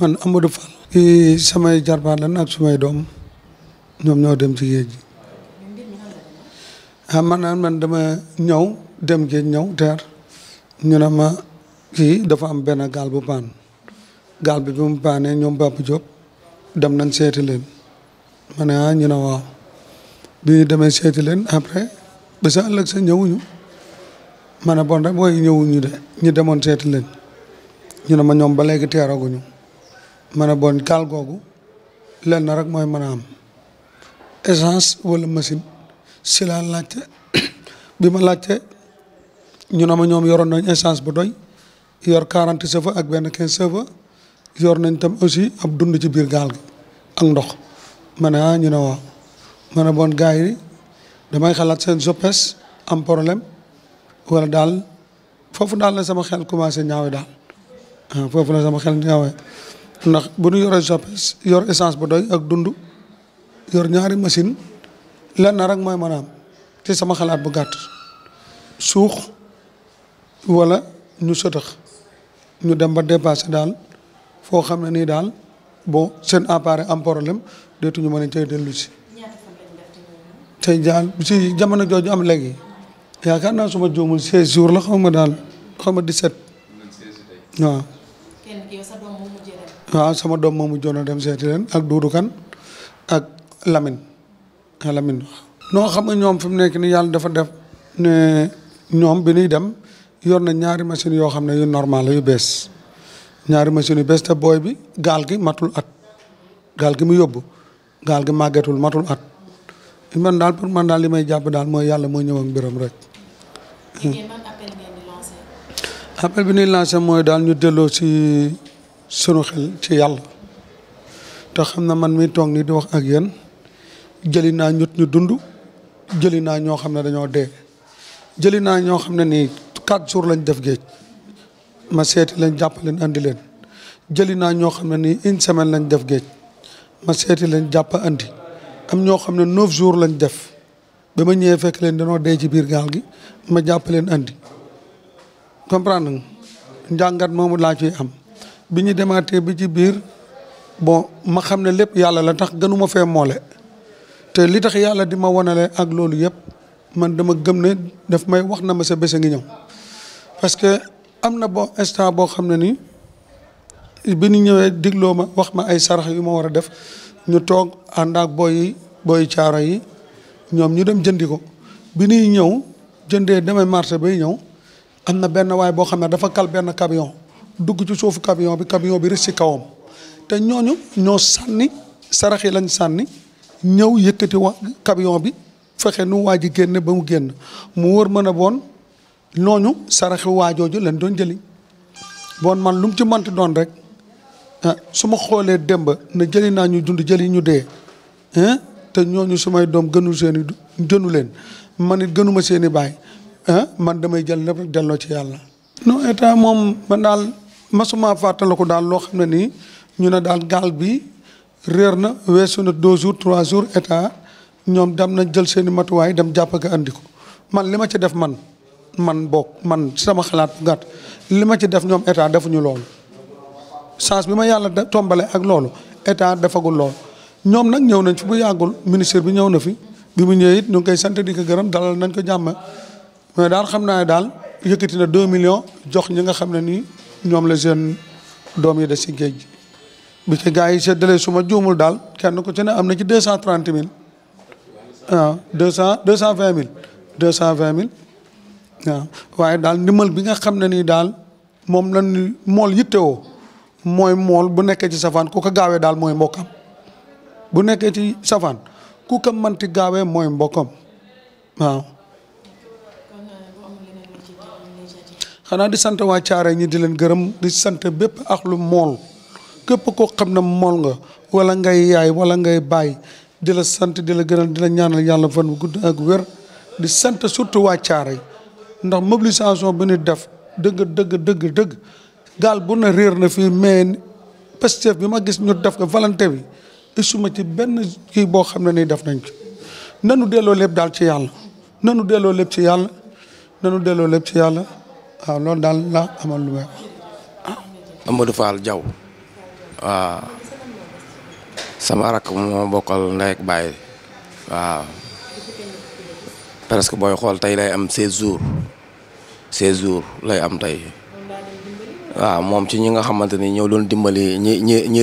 man Amadou Fall. i samay jarbaat lan ak sumay doom ñoom ñoo dem ci géej gi ah man naan man dama ñëw dem géej ñëw teer ñu ne ma kii dafa am benn gaal paan gaal bi bi mu paanee ñoom Papa Diop dem nañ seeti leen ma ah, ñu ne waaw bi ñu demee seeti leen après ba sa ëllëg sa ñëwuñu ma ne bon rek booy ñëwuñu de ñu demoon seeti leen ñu ne ma ñoom ba léegi teeraguñu ma ne bon gaal googu lenn rek mooy mën a am essence walla machine si laajte bi ma laajte ñu ne ma ñoom yoroon nañ essence bu doy yor quarante chevaux ak benn quinze chevaux yor nañ tam aussi ab dund ci biir gaal gi ak ndox ma ne ah ñu ne waaw ne bon gars yi damay xalaat seen GPS am problème walla daal foofu daal la sama xel commencé ñaawe daal ah, foofu la sama xel ñaawe ndax bu ñu yoree GPS yor essence bu doy ak dund yor ñaari machine lenn rek mooy mën a ci sama xalaat bu gàtt suux wala ñu sëtëx ñu dem ba dépassé daal foo xam ne nii daal boo seen appareil am problème dootuñu mën a cay dellu si. tey daal si jamono jooju am léegi yaakaar naa suma juumul 16 jours la xaw ma daal xaw ma 17. wa ah, sama dom momu jono dem seti len ak dudu kan ak Lamine ah Lamine no xam nga ñom fi nek ni yalla dafa def ne ñom bi ni dem yor na ñaari machine yo xamne yu normal yu bes ñaari machine yu bes ta boy bi gal gi matul at gal gi mu yóbbu gal gi màggetul matul at man dal pour man dal limay japp dal moy yalla mo ñew ak biram rek. appel bi ni lancer moy dal ñu si. sunu xel ci yàlla te xam na man mi toog nii di wax ak yéen jëli naa ñut ñu dund jëli naa ñoo xam ne dañoo dee jëli naa ñoo xam ne nii quatre jours lañ def géej ma seeti leen jàpp leen andi leen jëli naa ñoo xam ne nii une semaine lañ def géej ma seeti leen jàpp andi am ñoo xam ne neuf jours lañ def ba ma ñëwee fekk leen dañoo dee ci biir gaal gi ma jàpp andi comprendre nga njàngat moomu laa am bi ñu demaatee bi ci biir bon ma xam ne lépp yàlla la tax gënuma fee moole te li tax yàlla di ma wanale ak loolu yëpp man dama gëm ne daf may wax na ma sa bés ngi ñëw parce que am na bo instant boo xam ne ni bi nu ñëwee digloo ma wax ma ay sarax yu ma war a def ñu toog ànd booy booy caaro yi ñoom ñu dem jëndi ko bi nuy ñëw jëndee demee marché bay ñëw am na benn waay boo xam ne dafa kal benn camion dugg ci suufu camion bi camion bi rëss ci kawam te ñooñu ñoo sànni sarax lañ sànni ñëw yëkkati wa camion bi fexe nu waa génn ba mu génn mu wër mën a bon ñooñu saraxi waajooju lañ doon jëli bon man lu mu ci mënti doon rek ah su ma xoolee démb ne jëli naa ñu dund jëli ñu dee te ñooñu sumay doom gënul seen i gënu leen man it gënuma seen i baay man damay jël lépp delloo ci yàlla non état moom man daal masuma fàttaliku daal loo xam ne nii ñu ne daal gaal bi réer na weesu na deux jours trois jours état ñoom dem nañ jël seeni matuwaay dem jàpp ko andi man li ma ci def man man boog man sama xalaat bu gàtt li ma ci def ñoom état defuñu loolu chance bi ma yàlla tombale ak loolu état defagul loolu ñoom nag ñëw nañ fi bu yàggul ministre bi ñëw na fi bi mu ñëwee it ñu ngi koy sant di ko gërëm dalal nañ ko jàmm mais daal xam naa ne daal yëkkati na deux millions jox ñi nga xam ne nii ñoom la seen doom yi des si géej gi bi ci gars yi seddalee su ma juumul daal kenn ko ci ne am na ci deux cent trente mille waaw ah, deux cent deux cent vingt mille deux cent vingt mille waaw ah, waaye daal ndimal bi nga xam ne nii daal moom la mool yittewoo mooy mool bu nekkee ci safaan ku ko gaawee daal mooy mbokkam bu nekkee ci safaan ku ko manti gaawee mooy mbokkam waaw xana di sante wa caare ñi di leen gërem di sante bépp ak lu mool képp koo xam nga wala ngay yaay wala ngay bay di la sante di la gënal di la ñaanal yalla fan bu gudd ak wër di sante surtout wa caare ndax mobilisation bu ñu def deug deug deug deug gal bu na rër na fi mais Pastef bi ma gis ñu def ko volonté bi isuma ci ben ki bo xamna ni def nañ ci nanu delo lepp dal ci yalla nanu delo lepp ci yalla nanu delo lepp ci yalla waaw loolu daal la amal lu may wax. Amadou Fall Diaw waaw sama rakk moo bokkal ndey ak baay waaw presque booy xool tey lay am 16 jours 16 jours lay am tey waaw moom ci ñi nga xamante ni ñoo doon dimbali ñi ñi ñi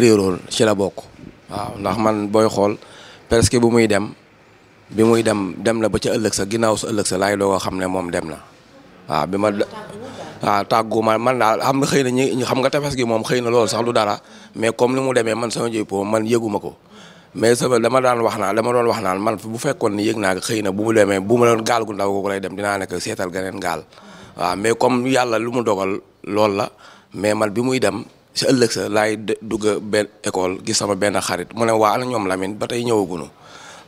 ci la bokk. waaw ndax man booy xool presque bu muy dem bi muy dem dem na ba ca ëllëg sa ginnaaw sa ëllëg sa laay doo xam ne moom dem na waaw waaw tàggu ma man daal xam nga xëy na ñu xam nga tefes gi moom xëy na loolu sax du dara mais comme ni mu demee man sama jëy po man yëguma ko mais sama dama daan wax naa dama doon wax naan man bu fekkoon ni yëg naa xëy na bu mu demee bu mu gaal gu ndaw googu lay dem dinaa seetal geneen gaal mais comme yàlla lu mu dogal loolu la mais man bi muy dem si ëllëg sa laay dugg benn école gis sama benn xarit mu ne waa ana ñoom lamin ba tey ñëwagunu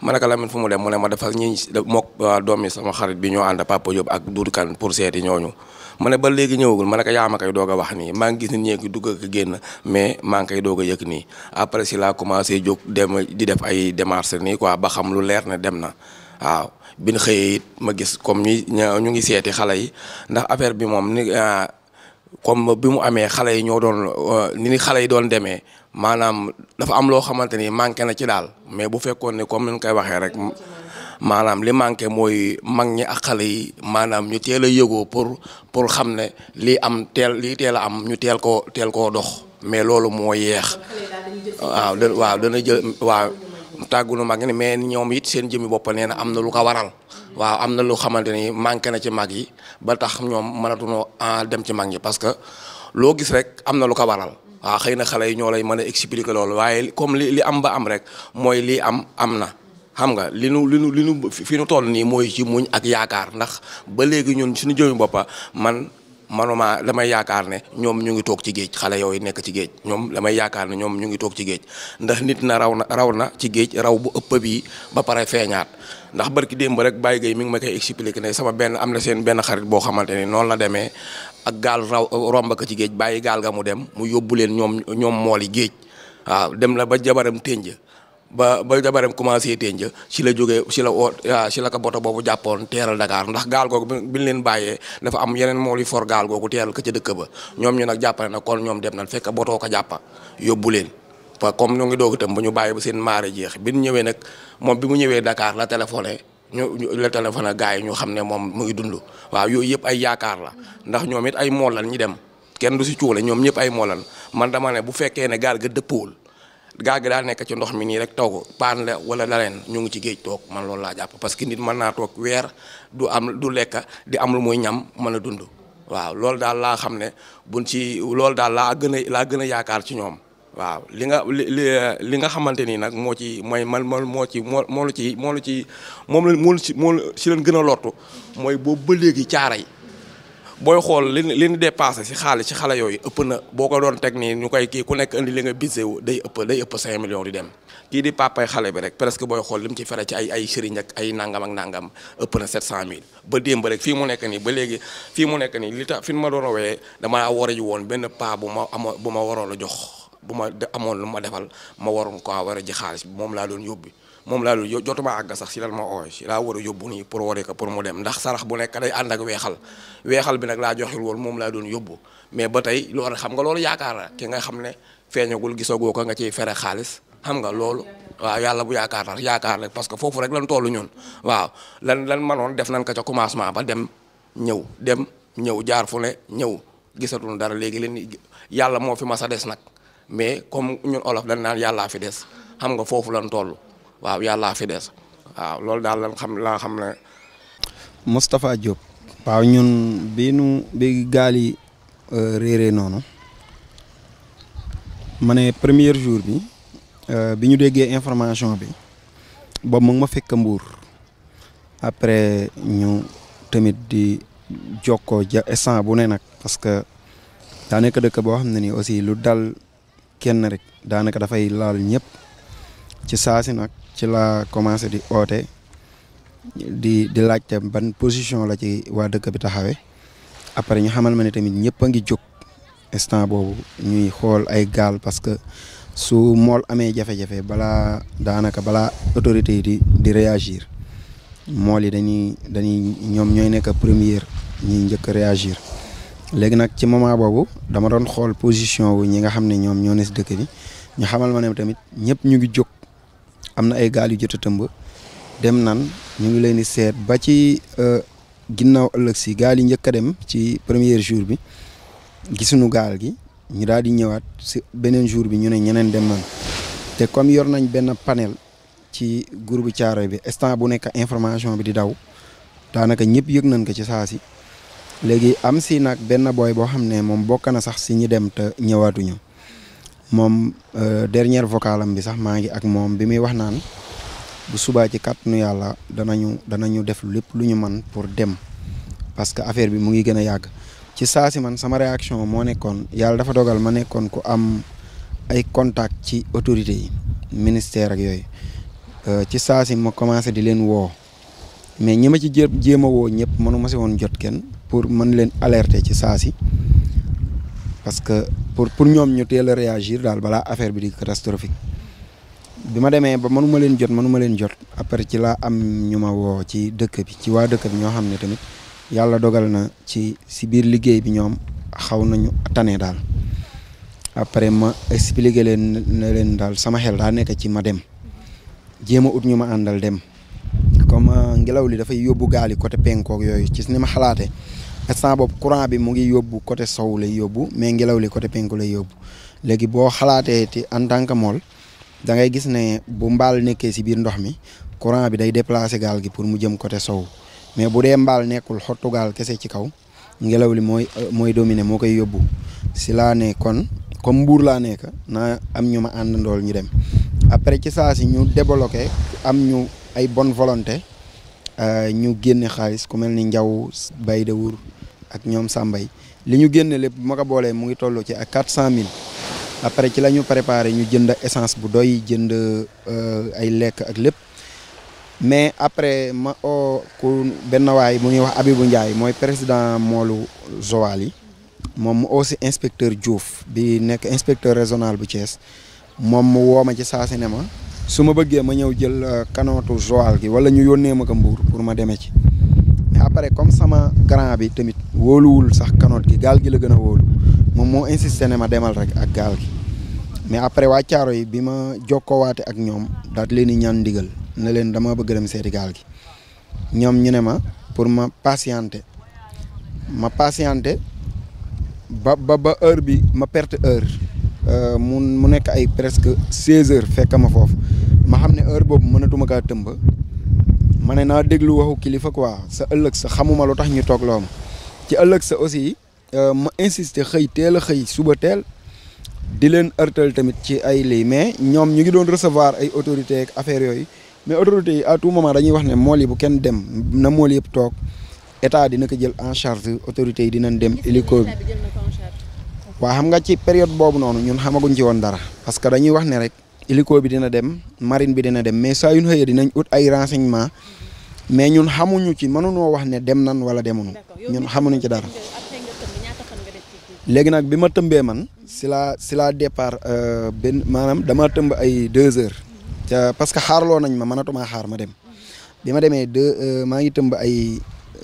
ma ne ko fu mu dem mu ne ma dafa ñi mook doom yi sama xarit bi ñoo ànd Papa Diop ak Doudou Kane pour seeti ñooñu ma ba léegi ñëwagul ma ne ko yaa ma koy doog a wax nii maa ngi gis nit ñee ngi dugg ak génn mais maa ngi koy doog a nii après si la commencé jóg dem di def ay démarches nii quoi ba xam lu leer ne dem na waaw bi ñu it ma gis comme ñi ñu ngi seeti xale yi ndax affaire bi moom ni ah, comme bi mu amee xale yi ñoo doon euh, ni xale yi doon demee maanaam dafa am loo xamante ni manqué na ci daal mais bu fekkoon ne comme ni ñu koy waxee rek. maanaam li manqué mooy mag ñi ak xale yi maanaam ñu teel a yëgoo pour pour xam ne lii am teel li teel am ñu teel koo teel koo dox mais loolu moo yeex waaw da waaw dana jël waaw nu mag ni mais ñoom it seen jëmmi bopp nee na am na lu ko waral waaw am na lu xamante ni manqué na ci mag yi ba tax ñoom mënatunoo ah, dem ci mag ñi parce que loo gis rek am na lu ko waral waaw xëy na xale yi ñoo lay mën a expliquer loolu waaye comme li li am ba am rek mooy lii am am na xam nga li nu li nu li nu fi nu toll nii mooy ci muñ ak yaakaar ndax ba léegi ñun suñu jëmi boppa man manuma damay yaakaar ne ñoom ñu ngi toog ci géej xale yooyu nekk ci géej ñoom damay yaakaar ne ñoom ñu ngi toog ci géej ndax nit na raw na raw na ci géej raw bu ëpp bii ba pare feeñaat ndax barki démb rek Baye Gueye mi ngi ma koy expliquer ne sama benn am na seen benn xarit boo xamante ne noonu la demee ak gaal raw romb bàyyi gaal ga mu dem mu yóbbu leen ñoom ñoom mool yi géej waaw dem la ba jabaram tënj ba ba jabaram commencé tënja si la jógee ci la oo si ah, la ko boto boobu jàppoon teeral dakaar ndax gaal googu bi ñu leen bàyyee dafa am yeneen mool yu for gaal googu ko ca dëkk ba ñoom ñu nag jàppale nag kon ñoom dem na fekk botoo ko jàppa yóbbu leen pa comme ñoo ngi doog itam ba ñu bàyyi ba seen maare jeex bi ñëwee nag moom bi mu ñëwee dakaar la téléphoné ñu la téléphoné gars yi ñu xam ne moom mu ngi dund waaw yooyu yëpp ay yaakaar la ndax ñoom it ay mool lan ñu dem kenn du si cuule ñoom ñëpp ay mool man dama ne bu fekkee ne gaal ga dëppool gaa gi daa nekk ci ndox mi nii rek taw paan la wala daleen ñu ngi ci géej toog man loolu laa jàpp parce que nit mën naa toog weer du am du lekka di amul lu muy ñam mën a dund waaw loolu daal laa xam ne buñ ci loolu daal laa gën a laa gën a yaakaar ci ñoom waaw li nga li li nga xamante ni nag moo ci mooy man moo ci moo moo lu ci moo lu ci moom la moo ci si leen gën a lottu mooy boobu ba léegi caara yi booy xool li li ñu dépassé si xaalis ci xale yooyu ëpp na boo ko doon teg nii ñu koy kii ku nekk indi li nga bise wu day ëpp day ëpp 5 millions di dem kii di papay xale bi rek presque booy xool li mu ci fere ci ay ay sëriñ ak ay nangam ak nangam ëpp na 700000 ba démb rek fii mu nekk nii ba léegi fii mu nekk nii li tax fi ma doon rawee damaa war a ji woon benn paa bu ma ama bu ma waroon a jox bu ma amoon lu ma defal ma waroon ko war a ji xaalis bi moom laa doon yóbbi moom laa doon jotuma àgg sax si lan ma oo si laa war a yóbbu nii pour waree ko pour mu dem ndax sarax bu nekk day ànd ak weexal weexal bi nag laa joxil woon moom laa doon yóbbu mais ba tey lool xam nga loolu yaakaar la ki nga xam ne feeñagul gisagoo ko nga ciy fere xaalis xam nga loolu waaw yàlla bu yaakaar la yaakaar rek parce que foofu rek lan tollu ñun waaw lan lan manoon nañ ko ca commencement ba dem ñëw dem ñëw jaar fu ne ñëw gisatuñu dara léegi leen yàlla moo fi mas a des nag mais comme ñun olof dañ naan yàllaa fi des xam nga foofu lan toll waaw yàllaa fi des waaw loolu daal lan xam laa xam ne. Moustapha Diop. waaw ñun bi nu bi gaal yi euh, réeree noonu ma ne premier jour bi euh, bi ñu déggee information bi boobu kembur. ngi ma fekk Mbour après ñu tamit di jokkoo ja instant bu ne nag parce que daanaka dëkk boo xam ne nii aussi lu dal kenn rek daanaka dafay laal ñëpp ci saasi nag ci la commencé di oté di di laajte ban position la ci wa dëkk bi taxawé après ñu xamal mané tamit ñëpp nga ngi instant bobu ñuy xol ay gal parce que su mol amé jafe-jafe bala daanaka bala autorité di di réagir mol yi dañuy dañuy ñom ñoy nekk première ñi ñëk réagir légui nak ci moment bobu dama don xol position wu ñi nga xamné ñom ñoo ness dëkk bi ñu xamal mané tamit ñëpp ñu ngi jóg am na ay gaal yu jot a tëmb dem nan ñu ngi leen di seet ba ci euh, ginnaaw ëllëg si gaal yi njëkk a dem ci première jour bi gisuñu gaal gi ñu daal di ñëwaat si beneen jour bi ñu ne ñeneen dem nan te comme yor nañ benn panel ci groupe Thiaroye bi instant bu nekk information bi di daw daanaka ñëpp yëg nañ ko ci saa si léegi am si nag benn booy boo xam ne moom bokk na sax si ñu dem te ñëwaatuñu moom euh, dernière vocalam bi sax maa ngi ak moom bi muy wax naan bu subaa ci kàttanu yàlla dana ñu def lépp lu ñu man pour dem parce que affaire bi mu ngi gën a yàgg ci saa si man sama moo nekkoon yàlla dafa dogal ma nekkoon ku am ay contact ci autorités yi ministère ak yooyu euh, ci saa si ma commencé di leen woo mais ñi ma ci jé jéem a woo ñëpp mënu ma si woon jot kenn pour mën leen alerter ci saa si parce pour pour ñoom ñu teel réagir daal balaa affaire bi di catastrophique bi ma demee ba mënuma leen jot mënuma leen jot après ci laa am ñu ma woo ci dëkk bi ci waa dëkk bi ñoo xam ne tamit yàlla dogal na ci si biir liggéey bi ñoom xaw nañu tane daal après ma expliqué leen ne leen daal sama xel daa nekk ci ma dem jéem a ut ñu ma àndal dem comme euh, ngelaw li dafay yóbbu gaali yi côté penkook yooyu ci ni ma xalaatee instant boobu courant bi mu ngi yóbbu côté sow lay yóbbu mais ngelaw li côté penku lay yóbbu léegi boo xalaatee ci en tant que mool da ngay gis ne bu mbaal nekkee si biir ndox mi courant bi day déplacer gaal gi pour mu jëm côté sow mais bu dee mbaal nekkul xottu gaal kese ci kaw ngelaw li mooy euh, dominer moo koy yóbbu si laa ne kon comme mbuur laa nekk naa am ñu ma àndandool ñu dem après ci saa ñu débloqué am ñu ay bonne volonté euh, ñu génne xaalis ku mel ni njaw bay ak ñoom Sambay li ñu génne lépp bu ma ko boolee mu ngi toll ci ak quatre cent mille après ci la ñu préparé ñu jënd essence bu doy jënd euh, ay lekk ak lépp mais après ma oo ku benn waay mu ñuy wax Abibou Ndiaye mooy président moolu Joal yi moom mu aussi inspecteur Diouf bi nekk inspecteur régional bu Thiès moom mu woo ma ci saa si ne ma su ma bëggee ma ñëw jël kanootu euh, Joal gi wala ñu yónnee ma ko Mbour pour ma demee ci. après comme sama grand bi tamit wolul sax kanot gi gal gi la gëna wolu wóolu mo insisté né ma demal rek ak gal gi mais après wa tiaro yi bima joko waté ak ñom dal leni ñaan digël ne leen dama bëgg dem séti gal gi ñom ñu né ma pour ma patienter ma patienter ba ba ba heure bi ma perte heure euh mu nekk ay presque 16h fekkama ma ma xamné heure bobu ka teumba ma ne naa déglu waxu kilifa quoi sa ëllëg sa xamuma lu tax ñu toog loom ci ëllëg sa aussi euh, ma insister xëy teel a xëy suba teel di leen ërtal tamit ci ay lii mais ñoom ñu ngi doon recevoir ay autorité ak affaire yooyu mais autorité yi à tout moment dañuy wax ne mool yi bu kenn dem na mool yëpp toog état dina ko jël en charge autorité yi dinañ dem hélico waa xam nga ci période boobu noonu ñun xamaguñ ci woon dara parce que dañuy wax ne rek. hélico bi dina dem marine bi dina dem mais saa yu ñu xëyee dinañ ut ay renseignement mais ñun xamuñu ci mënunoo wax ne dem nan wala demuñu ñun xamuñu ci daal léegi nag bi ma tëmbee man si la si la départ euh, benn maanaam dama tëmb ay deux heures ca parce que xaaraloo nañ ma mënatumaa xaar ma dem bi ma demee deux euh, maa ngi tëmb ay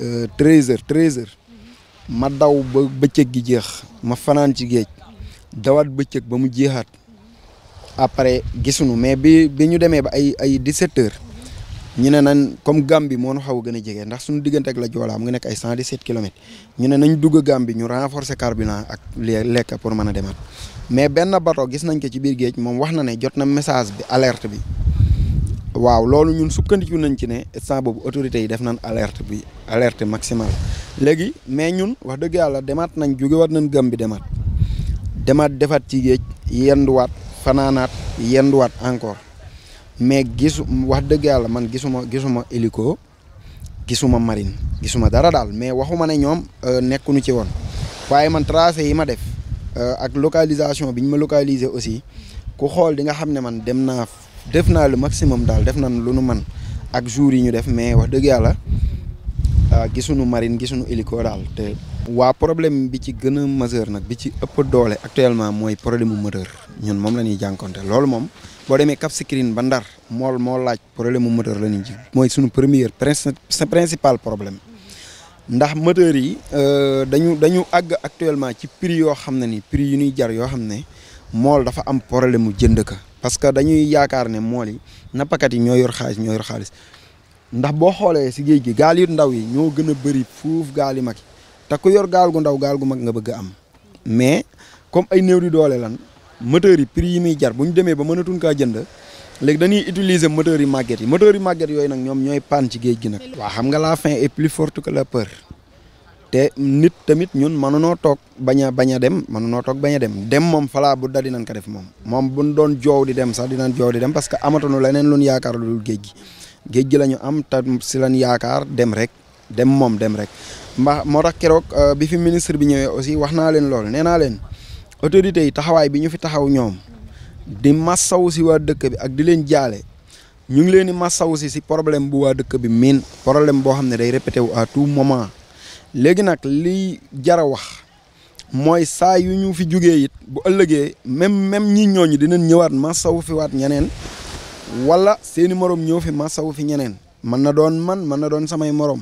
euh, treize heures treize heures ma daw ba bëccëg gi jeex ma fanaan ci géej dawaat bëccëg ba mu jeexaat après gisuñu mais bi bi ñu demee ba ay ay 17 heures ñu ne nañ comme Gambie moo nu xaw a gën a jege ndax suñu diggante ak la Joola mu ngi nekk ay 117 kilomètres ñu ne nañ dugg Gambie ñu renforcer carburant ak lekk pour mën a demaat mais benn bato gis nañ ko ci biir géej moom wax na ne jot na message bi alerte bi waaw loolu ñun sukkandiku nañ ci ne instant boobu autorités yi def nañ alerte bi alerte maximale léegi mais ñun wax dëgg yàlla demaat nañ jógewaat nañ Gambie demaat demaat defaat ci géej yenduwaat fanaanaat waat encore mais gisu wax dëgg yàlla man gisuma gisuma hélico gisuma marine gisuma dara daal mais waxuma ne ñoom euh, nekkuñu ci woon waaye man tracé yi ma def euh, ak localisation bi ñu ma localiser aussi ku xool di nga xam ne man dem naa def naa lu maximum daal def nañ lu nu man ak jour yi ñu def mais wax dëgg yàlla euh, gisuñu marine gisuñu hélico daal wa problème bi ci gëna majeur nak bi ci ëpp doolé actuellement moy problème mu moteur ñun mom lañuy jankonté lool mom bo démé Cap screen ba Ndar mol mo laaj problème mu moteur la ñuy ji suñu premier principal problème ndax moteur yi euh, dañu dañu ag actuellement ci prix yo xamné ni prix yu ñuy jar yo xamné mol dafa am problème mu jënd ka parce que dañuy yaakar né mol yi nappakat yi ñoy yor xaalis ñoy yor xaalis ndax bo xolé si geej gi gal yu ndaw yi ñoo gëna bëri fouf gal yi Takoyor ku yor gal gu ndaw gal gu mag nga bëgg am mais comme ay néew di doole lan moteur yi prix yi mi jar buñu démé demee ba mënatuñ ka jënd léegi dañuy utiliser moteur yi màgget yi moteur yi màgget yoy nak ñom ñoy pan ci geej gi nak wa xam nga la fin est plus forte que la peur te nit tamit ñun mënunoo toog baña dem mënunoo toog bañ dem dem mom fala bu da dinañ Mom def mom mom buñ doon jow di dem sax dinañ jow di dem parce que amatuñu leneen luñu yaakar lu geej gi geej gi lañu am ta silan lañ dem rek dem mom dem rek. mba moo tax keroog euh, bi fi ministre bi ñëwee aussi wax naa leen lool nee naa leen autorités yi taxawaay bi ñu fi taxaw ñoom di massaw si waa dëkk bi ak di leen jaale ñu ngi leen di massaw si si problème bu waa dëkk bi miin problème boo xam ne day répété wu à tout moment léegi nag li jara wax mooy saa yu ñu fi jugee it bu ëllëgee même même ñi ñooñu dinañ ñëwaat massaw fi waat ñeneen wala seeni moroom ñëw fi massaw fi ñeneen mën na doon man mën na doon samay morom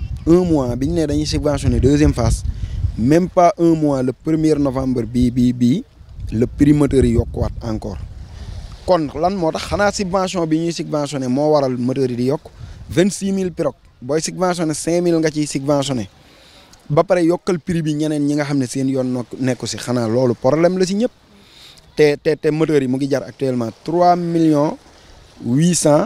un mois bi ñu ne deuxième phase même pas un mois le 1er novembre bi le prix yi est encore Quand lan moo tax subvention subventionné waral moteur est di 26 000 Boy, subventionné nga subventionné prix bi ñeneen est nga de problème Le si moteur yi actuellement 3 millions 800.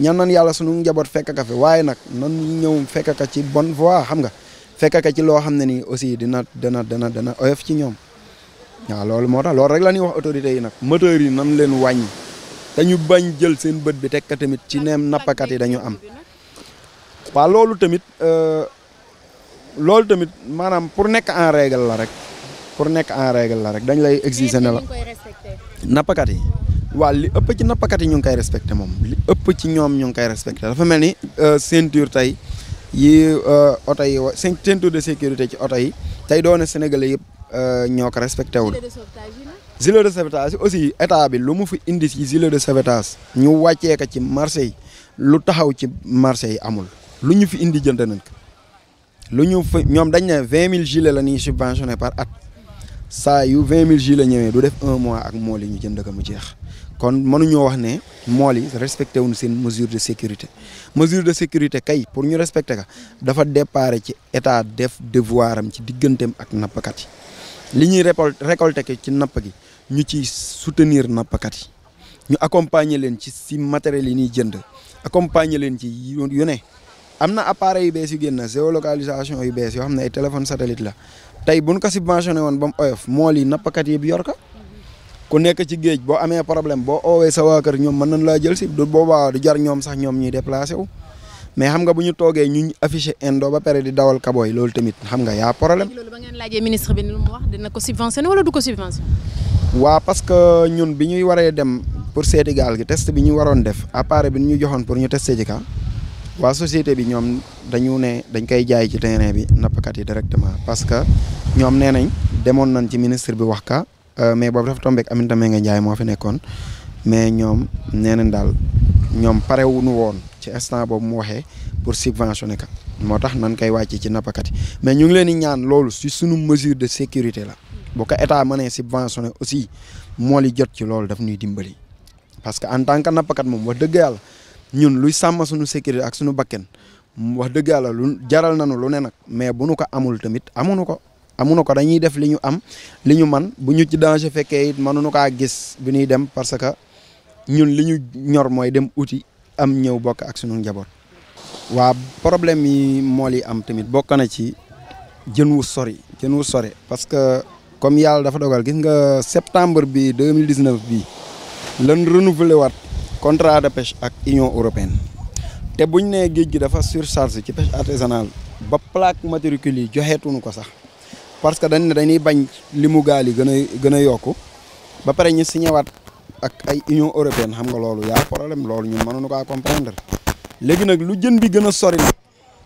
ñan nan yalla suñu njabot fekk ka fi waye nak nan ñew fekk ka ci bonne voie xam nga fekk ka ci lo xamne ni aussi dina dana dana dana oyef ci ñom ya lool moo tax loolu rek la ñuy wax autorité yi nak moteur yi nan leen wañ te ñu bañ jël seen bëd bi tek ka tamit ci neem napakat yi dañu am wa loolu tamit euh, lool tamit manam pour nek en règle la rek pour nek en règle la rek dañ lay exiger na la napakat yi waa li ëpp ci nappkat yi ñu ngi koy respecté moom li ëpp ci ñoom ñu ngi koy respecté dafa mel ni euh, ceinture tey yi euh, oto yi wa ceinture de sécurité ci oto yi tey doone Sénégalais yëpp euh, ñoo ko respecté wul. gilet de sauvetage aussi état bi lu mu fi indi ci gilet de sauvetage ñu wàccee ko ci marché yi lu taxaw ci marché yi amul lu ñu fi indi jënd nañ lu ñu fa ñoom dañ ne vingt mille gilets la ñuy subventionné par at. saa yu vingt mille jus la ñëwee du def un mois ak mool yi ñu jënd ko mu jeex kon mënuñoo wax ne mool yi respecté wuñ seen mesure de sécurité mesure de sécurité kay pour ñu respecté ka dafa dépare ci état def devoir am ci digganteem ak nappkat yi li ñuy récolté ci napp gi ñu ci soutenir nappkat yi ñu accompagner leen ci si matériels yi ñuy jënd accompagner leen ci yu ne am na appareil yu bees yu génn géolocalisation yu bees yoo xam ne ay téléphone satellite la tay buñ ko subventionné won bam oyof mool yi nappkat yi bi yor ka ku nek ci geej bo amé problème bo oowee sa waa kër ñoom mën nañ laa jël ci du boba du jar ñom sax ñom ñi déplacer wu mais xam nga buñu togué ñu afficher indo ba paré di dawal kaboy lool tamit xam nga ya problème. lool ba ngeen lajé ministre bi lu mu wax dina ko subventionné wala du ko subventionné. wa parce que ñun biñuy waré dem pour seeti gi test biñu waron def appareil bi ñu joxoon pour ñu testé ci ka waa société bi ñoom dañu ne dañ koy jaay ci terrain bi nappkat yi directement parce que ñoom nee nañ demoon nañ ci ministre bi wax ka euh, mais boobu dafa tombé ak Aminata Mbengue Ndiaye moo fi nekkoon mais ñoom nee nañ daal ñoom parewuñu woon ci instant boobu mu waxee pour subventionner ka moo tax nan koy wàcc ci nappkat yi mais ñu ngi leen di ñaan loolu si sunu mesure de sécurité la bu ko état mënee subventionné aussi moo li jot ci loolu daf ñuy dimbali parce que en tant que nappkat moom wax dëgg yàlla ñun luy sam suñu sécurité ak suñu bakken wax deug yalla lu jaral nañu lu ne nak mais buñu ko amul tamit amuñu ko amuñu ko dañuy def liñu am liñu man buñu ci danger fekke it mënuñu ko gis biñu dem parce que ñun liñu ñor moy dem uti am ñew bok ak suñu njabot wa problème yi am tamit bok na ci jën wu sori jën wu sori parce que comme yalla dafa dogal gis nga septembre bi 2019 bi lan renouveler wat contrat de pêche ak union européenne te buñ nee géej gi dafa surcharge ci pêche artisanale ba plaque matricule yi joxeetuñu ko sax parce que dañ dañuy bañ li mu gaal yi gën a gën a yokku ba pare ñu signewaat ak ay union européenne xam nga loolu yaa problème loolu ñun mënuñu kaa comprendre léegi nag lu jën bi gën a sori nag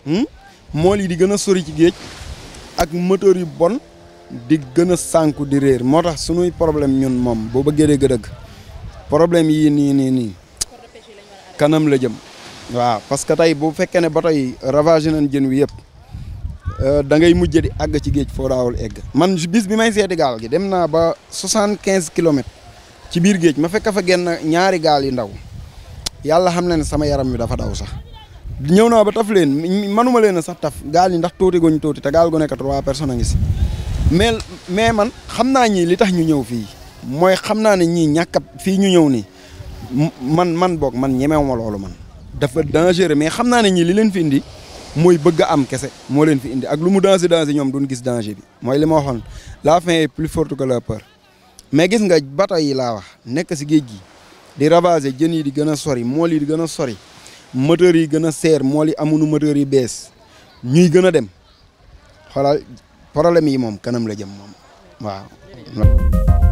hmm? mool yi di gën a sori ci géej ak moteur yu bon di gën a sànku di réer moo tax suñuy problème ñun moom boo bëggee dëgg-dëgg problème yii nii nii nii kanam la jëm waaw parce que tey bu fekkee ne ba yi ravagé nañ jën wi yëpp euh, da ngay mujj di àgg ci géej foo daawul egg man bis bi may seeti gaal gi dem naa ba soixante quinze kilomètres ci biir géej ma fekk fa genn ñaari gaal yi ndaw yàlla xam na ne sama yaram wi dafa daw sax ñëw naa ba taf leen manuma leen sax taf gaal yi ndax tuuti goñ tuuti te gaal gu nekk trois personnes a ngi si mais mais man xam naa ñii li tax ñu ñëw fii mooy xam naa ne ñii ñàkkat fii ñu ñëw nii man man boog man ñemewuma loolu man dafa dangereux mais xam naa ne ñi li leen fi indi mooy bëgg am kese moo leen fi indi ak lu mu danger danger ñoom duñ gis danger bi mooy li ma waxoon la faim est plus forte que la peur mais gis nga bato yi laa wax nekk si géej gi di ravager jën yi di gën a sori mool yi di gën a sori moteur yi gën a seer mool yi amuñu moteur yi bees ñuy gën a dem xoolal problème yi moom kanam la jëm moom waaw